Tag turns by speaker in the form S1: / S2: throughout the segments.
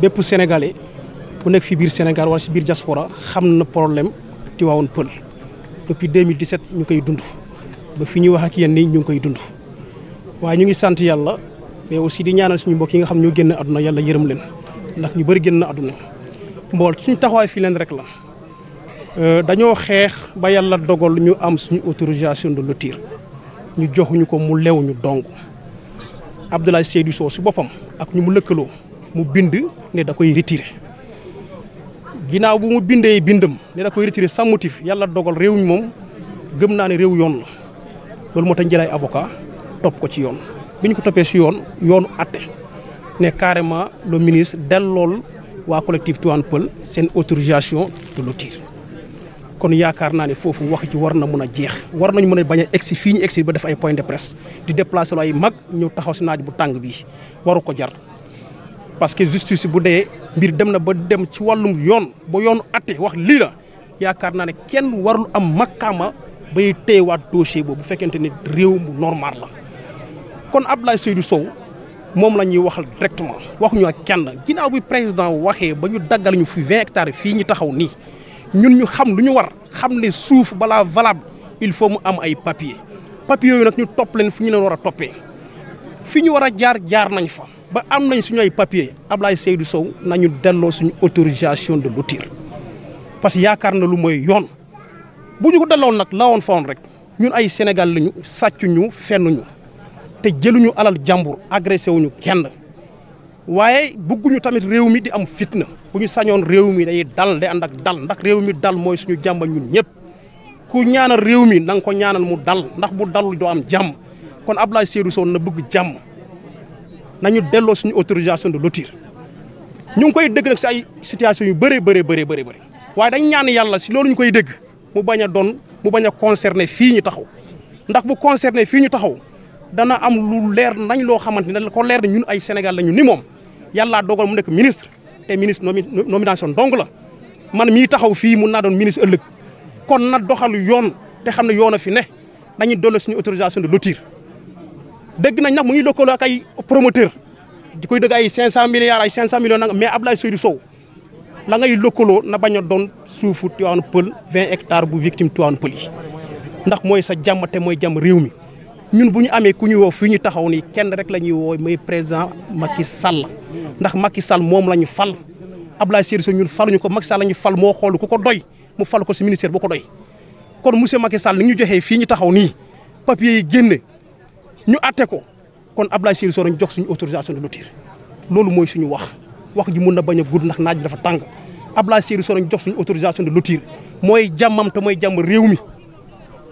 S1: bépp sénégalais ku nekk fi biir Sénégal wala si biir diaspora xam na problème Tivaouane Peulh depuis 2017 ñu koy dund ba fi ñuy wax ak yenn nii ñu ngi koy dund waaye ñu ngi sant yàlla mais aussi di ñaanal suñu mbokk yi nga xam ñoo génn àdduna yàlla yërëm leen ndax ñu bëri génn àdduna mbool suñu taxawaay fii leen rek la euh, dañoo xeex ba yàlla dogal ñu am suñu autorisation de lotir ñu joxuñu ko mu lew ñu dong Abdoulaye Seydou Sow si boppam ak ñu mu lëkkaloo mu bind ne da koy retiré ginnaaw bu mu bindee bindam ne da koy retiré sans motif yàlla dogal réew moom gëm naa ne réew yoon la loolu moo tax jëlaay avocat topp ko ci yoon bi ñu ko toppee si yoon yoonu atte ne carrément le ministre dellool waa collectif Tivaouane Peulh seen autorisation de lotir kon yaakaar naa ne foofu wax ci war na mun a jeex war nañ mën a bañ a egsi fii ñu egsi ba def ay point de presse di déplacer lu ay mag ñëw taxaw si naaj bu tàng bii waru ko jar parce que justice bu dee mbir dem na ba dem ci wàllum yoon ba yoonu atte wax lii la yaakaar naa ne kenn warul am makkaama bay téyewaat dossier boobu bu fekkente ni réew mu normal la kon Abdoulaye Seydou Sow moom la ñuy waxal directement waxuñu ak kenn ginnaaw bi président waxee ba ñu daggal ñu fi 20 hectares fii ñu taxaw nii ñun ñu xam lu ñu war xam ne suuf balaa valable il faut mu am ay papier papier yooyu nag ñu topp leen fu ñu leen war a toppee fi ñu war a jaar jaar nañ fa ba am nañ suñu ay papier Ablaye Seydou Sow nañu delloo suñu autorisation de lotir parce que yaakaar na lu mooy yoon bu ñu ko delloon nag lawoon fawoon rek ñun ay Sénégal lañu sàccuñu fennuñu te jëluñu alal jàmbur agressé wuñu kenn waaye bëgguñu tamit réew mi di am fitna bu ñu sañoon réew mi day dal day ànd ak dal ndax réew mi dal mooy suñu jàmba ñun ñëpp ku ñaanal réew mi na ko ñaanal mu dal ndax mu dalul doo am jàmm kon Abdoulaye Seydou Sow na bëgg jàmm nañu delloo suñu autorisation de lotir ñu ngi koy dégg nag si ay situation yu bëree bëree bëree bëri waaye dañ ñaan yàlla si loolu ñu koy dégg mu bañ a doon mu bañ a concerné fii ñu taxaw ndax bu concerné fii ñu taxaw dana am lu leer nañ loo xamante ne ko leer ne ñun ay Sénégal lañu ni moom yàllaa dogal mu nekk ministre te ministre nomination dong la man mii taxaw fii mun naa doon ministre ëllëg kon na doxal yoon te xam ne yoon a fi ne dañuy dolli suñu autorisation de lotir dégg nañ nag mu ngi lëkkaloo kay ay promoteur di koy dëgg ay 500 milliards ay 500 millions nag mais Abdoulaye Seydou Sow la ngay lëkkaloo na bañ a doon suufu Tivaouane Peulh 20 hectares bu victime Tivaouane Peulh yi ndax mooy sa jàmm te mooy jàmm réew mi ñun bu ñu amee ku ñu woo fii ñu taxaw nii kenn rek la ñuy woo mooy président Macky Sall ndax Macky Sall moom la ñu fal Abdoulaye Seydou Sow ñun faluñu ko Macky Sall la ñu fal moo xool ko ko doy mu fal ko si ministère bu ko doy kon monsieur Macky Sall li ñu joxee fii ñu taxaw nii papier yi ñu atte ko kon Abdoulaye Sylla Sow jox suñu autorisation de lotir loolu mooy suñu wax wax ji mun na bañ a gudd ndax naaj bi dafa tàng Abdoulaye Sylla Sow jox suñu autorisation de lotir mooy jàmmam te mooy jàmm réew mi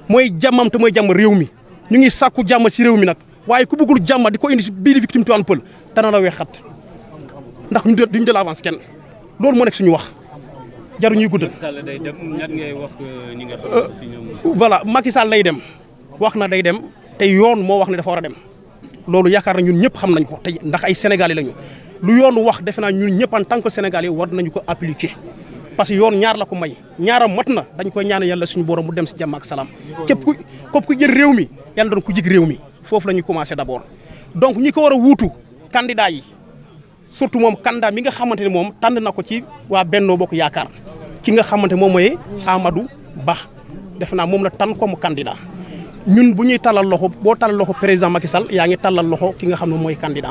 S1: mooy jàmmam mooy jàmm réew mi ñu ngi sàkku jàmm si réew mi nag waaye ku bëggul jàmm di ko indi si biir victime Tivaouane Peulh dana la weexat ndax ñu duñ de avance kenn loolu moo nekk suñu wax jaru ñuy guddal. Euh, euh, voilà Macky Sall lay dem wax na day dem. te yoon moo wax ne dafa war a dem loolu yaakaar na ñun ñëpp xam nañ ko te ndax ay sénégalais lañu lu yoon wax defe naa ñun ñëpp en tant que sénégalais war nañu ko appliquer. parce que yoon ñaar la ko may ñaaram mat na dañ koy ñaan yàlla suñu borom mu dem si jàmm ak salaam képp ku képp ku jël réew mi yàlla doon ku jig réew mi foofu la ñuy commencé d' abord. donc ñi ko war a wuutu candidat yi surtout moom candidat mi nga xamante ne moom tànn na ko ci waa Bennoo Bokk Yaakaar ki nga xamante moom mooy Amadou Ba defe naa moom la tànn comme ñun bu ñuy talal loxo boo talal loxo président Macky Sall yaa ngi talal loxo ki nga xam ne mooy candidat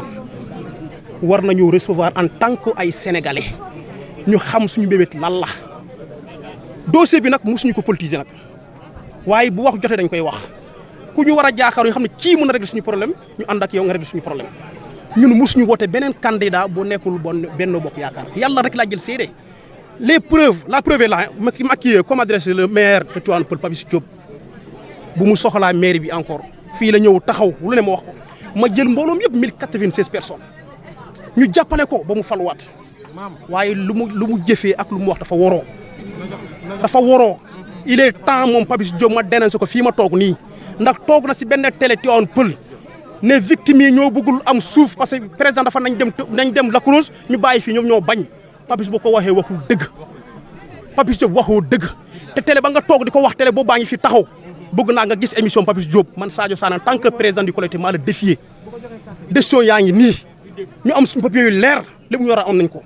S1: war nañu recevoir en tant que ay sénégalais ñu xam suñu mbébét lan la dossier bi nag mosuñu ko politiser nag waaye bu wax jotee dañ koy wax ku ñu war a jaakaar yoo xam ne cii mën a régler suñu problème ñu ànd ak yow nga régler suñu problème ñun musuñu woote beneen candidat boo nekkul bon Benno Bokk Yaakaar yàlla rek laa jël seede les preuves la preuve est là ma kii comme adresse le maire de Tivaouane bu mu soxlaa mairie bi encore fii la ñëw taxaw lu ne ma wax ko ma jël mbooloom yëpp mille quatre-vingt-seize personnes ñu jàppale ko ba mu faluwaat waaye lu mu lu mu jëfee ak lu mu wax dafa woroo dafa woroo il est temps moom Papis Diop ma dénoncé ko fii ma toog nii ndax toog na si benn télé Tivaouane Peulh ne victimes yi ñoo bëggul am suuf parce que président dafa nañ dem nañ dem Lac-Rose ñu bàyyi fii ñoom ñoo bañ Papis boo ko waxee waxul dëgg Papis Diop waxoo dëgg te télé ba nga toog di ko wax télé boo baa ngi fi taxaw bëgg naa nga gis émission Papis Diop man Sadio Sane en tant que président du collectif maa la défier décision yaa ngi nii ñu am suñu papier yu leer lépp ñu war a nañ ko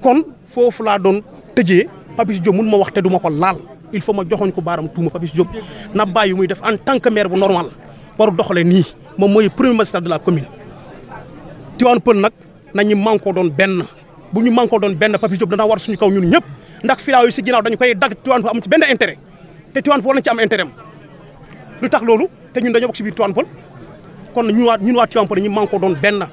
S1: kon foofu laa doon tëjee Papis Diop wax te du ko laal il faut ma joxoñ ko baaram tuuma Papis Diop na bàyyi muy def en tant que maire bu normal waru doxalee nii moom mooy premier magistrat de la commune Tivaouane Peulh nag nañu manko doon benn ñu manko doon benn Papis Diop dana war suñu kaw ñëpp ndax filaaw yi koy dagg Tivaouane Peulh am ci benn intérêt te Tivaouane Peulh war nañ ci am intérêt lu tax loolu te ñun dañoo bokk ci biir Tivaouane Peulh kon ñun waat ñun waa Tivaouane Peulh ñu manko doon benn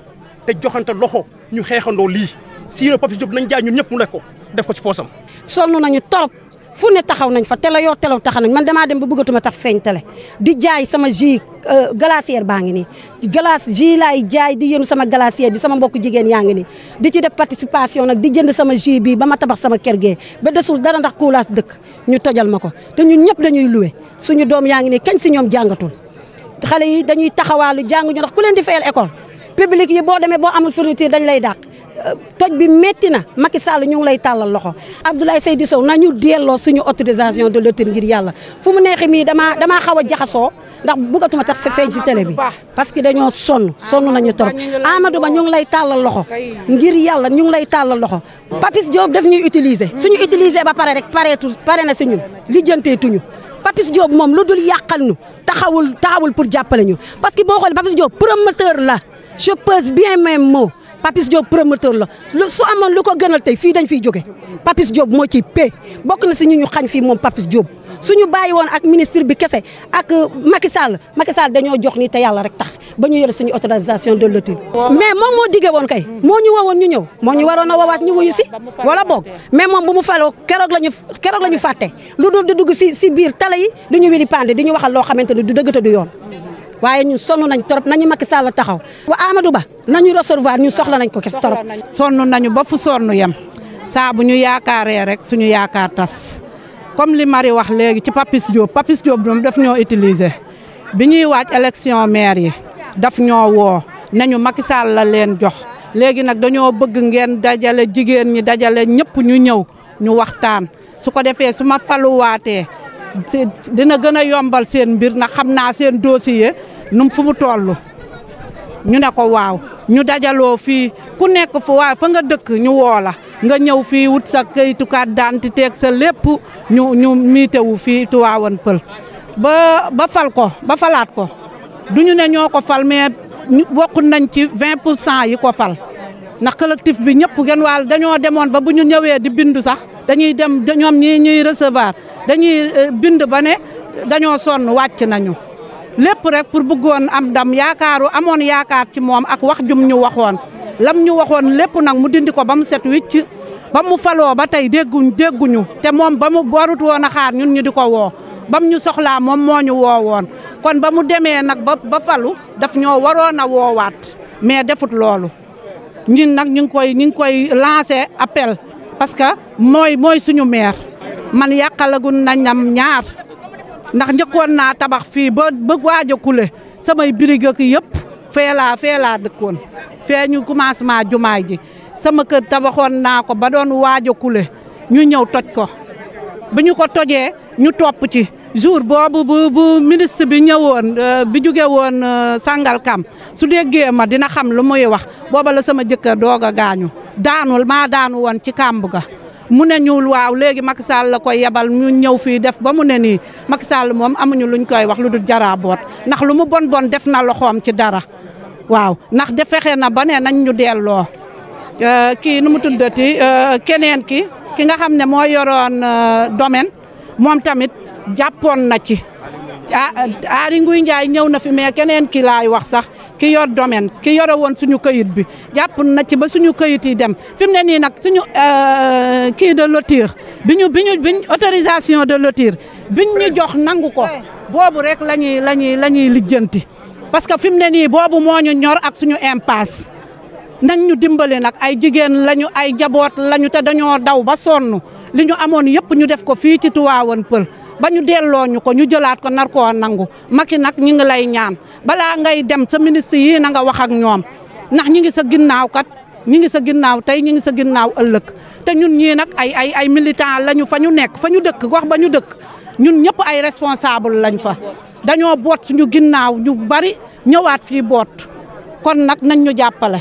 S1: te joxante loxo ñu xeexandoo lii si le Papis Diop nañ jaay ñun ñëpp mu nekk ko def ko ci poosam sonn nañu trop
S2: fu taxaw nañ fa télé yoo télé taxaw nañ man damaa dem ba bëggatuma tax feeñ télé di jaay sama jus euh, glacière baa ngi nii glace jus laay jaay di yënu sama glacière bi sama mbokk jigéen yaa ngi nii di ci def participation nag di jënd sama jus bii ba ma tabax sama kër gee ba desul dara ndax kuulaas dëkk ñu tojal ma ko te ñun ñëpp dañuy loué suñu doom yaa ngi nii kañ si ñoom jàngatul xale yi dañuy taxawaal taxawaalu ñu ndax ku leen di fayal école publique yi boo demee boo amul fourniture dañ lay dàq toj bi metti na Macky Sall ñu ngi lay tàllal loxo Abdoulaye Seydou Sow ñu delloo suñu autorisation de lotir ngir yàlla fu mu neexee mii damaa damaa xaw a jaxasoo ndax bëggatuma tax sa feeñ ci télé bi parce que dañoo sonn sonn nañu trop Amadou Ba ñu ngi lay tàllal loxo ngir yàlla ñu ngi lay tàllal loxo Papis Diop daf ñuy utiliser suñu utiliser ba pare rek pareetu pare na si ñun lijjanteetuñu Papis Diop moom lu dul yàqal ñu taxawul taxawul pour jàppale ñu parce que boo xoolee Papis Diop promoteur la je pèse bien mes mots Papis Diop promoteur la lu su amoon lu ko gënal tey fii dañ fiy joge Papis Diop moo ci paie bokk na si ñu ñu xañ fii moom Papis Diop suñu bàyyi woon ak ministre bi kese ak euh, Macky Sall Macky Sall dañoo jox ni te yàlla rek tax ba ñu yore suñu autorisation de lotir mais moom moo diggee woon kay moo ñu woowoon ñu ñëw moo ñu waroon a woowaat ñu wuyu si wala boog mais moom bu mu faloo keroog la keroog la ñu fàtte lu dul di dugg si si biir tala yi di ñu wili pande di ñu waxal loo xamante ni du dëgg te waaye ñu sonn nañ trop nañu Macky Sall taxaw wa Amadou Ba nañu recevoir ñun soxla nañ ko kes trop. sonn nañu ba fu sonn yem saa bu ñu yaakaaree rek suñu yaakaar tas
S3: comme li Marie wax léegi ci Papis Diop Papis Diop moom daf ñoo utiliser bi ñuy waaj élection maire yi daf ñoo woo nañu Macky Sall la leen jox léegi nag dañoo bëgg ngeen dajale jigéen ñi dajale ñëpp ñu ñëw ñu waxtaan su ko defee su ma faluwaatee dina gën a yombal seen mbir na xam naa seen dossier num fu mu toll ñu ne ko waaw ñu dajaloo fii ku nekk fu waaw fa nga dëkk ñu woo la nga ñëw fii wut sa kayitu carte d'identité ak sa lépp ñu ñu miite wu fii Tivaouane ba ba ko bafalaat ko du ñu ne ñoo ko fal mais bokk nañ ci 20 pour cent yi ko fal ndax collectif bi ñëpp gen wàll dañoo demoon ba bu ñu ñëwee di bindu sax dañuy dem ñoom ñii ñuy recevoir dañuy euh, bind ba ne dañoo sonn wàcc nañu. lépp rek pour bëggoon am ndam yaakaaru amoon yaakaar ci moom ak wax jum ñu waxoon lam ñu waxoon lépp nag mu dindi ko ba mu set wicc ba mu faloo ba tey dégguñ dégguñu te moom ba mu warut woon a ñun ñu di ko woo bam ñu soxlaa moom moo ñu woowoon kon ba mu demee nag ba ba falu daf ñoo waroon a woowaat mais defut loolu ñun nag ñu ngi koy ñu ngi koy lancé appel parce que mooy mooy suñu maire man yàqalagun nañam ñaar ndax njëkkoon naa tabax fii ba ba waaj a kule samay birig ak yëpp fee laa fee laa dëkkoon fee ñu commencement jumaay ji sama kër tabaxoon naa ko ba doon waaj a kule ñu ñëw toj ko bi ñu ko tojee ñu topp ci jour boobu bu ministre bi ñëwoon euh, bi jóge woon sangal euh, Sangalkam su déggee ma dina xam lu muy wax booba la sama jëkkër doog a gaañu daanul maa daanu woon ci kàmb ga mu ne ñu waaw léegi Macky Sall la koy yebal mu ñëw fii def ba mu ne nii Macky Sall moom amuñu luñ koy wax lu dul jaraaboot ndax lu mu bon bon def na loxoom ci dara waaw ndax de fexe na ba ne nañ ñu delloo euh, kii nu mu tuddati euh, keneen ki ki nga xam ne moo yoroon euh, domaine moom tamit jàppoon na ci. ah Aly Ngouille Ndiaye ñëw na fi mais keneen ki laay wax sax ki yor domaine ki yore woon suñu këyit bi jàpp na ci ba suñu këyit yi dem fi mu ne nii nag suñu euh, kii de lotir bi ñu bi ñu biñ autorisation de lotir biñ ñu jox nangu ko boobu rek la ñuy la ñuy la ñuy lijjanti parce que fi mu ne nii boobu moo ñu ñor ak suñu impasse nañ ñu dimbali nag ay jigéen lañu ay jaboot lañu te dañoo daw ba sonn li ñu amoon yëpp ñu def ko fii ci Tivaouane Peulh ba ñu delloo ñu ko ñu jëlaat ko nar koo nangu Macky nag ñu ngi lay ñaan balaa ngay dem sa ministre yi na nga wax ak ñoom ndax ñu ngi sa ginnaaw kat ñu ngi sa ginnaaw tey ñu ngi sa ginnaaw ëllëg te ñun ñii nag ay ay ay militant lañu fa ñu nekk fa ñu dëkk gox ba ñu dëkk ñun ñëpp ay responsable lañ fa dañoo boot suñu ginnaaw ñu bari ñëwaat fii boot kon nag nañ ñu jàppale